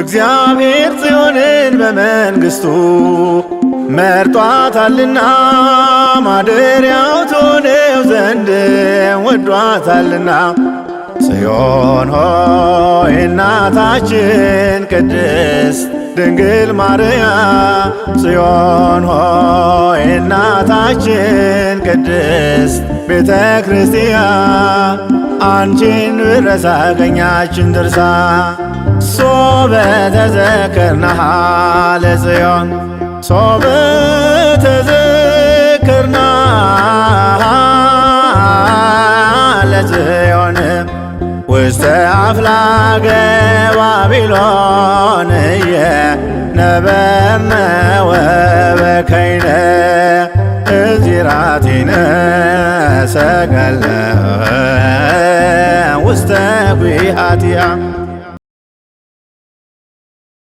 እግዚአብሔር ጽዮንን በመንግሥቱ መርጧታልና ማደሪያው ትሆነው ዘንድ ወዷታልና። ጽዮን ሆይ እናታችን ቅድስት ድንግል ማርያም ጽዮን ሆይ እናታችን ቅድስት ቤተ ክርስቲያን አንቺን ብረሳ ቀኛችን ድርሳ ሶበ ተዘክርናሃ ለጽዮን ሶበ ተዘክርናሃ ለጽዮን ውስተ አፍላገ ባቢሎን የ ነበርነ ወበከይነ እዚራቲነ ሰቀለ ውስተ ብአትያ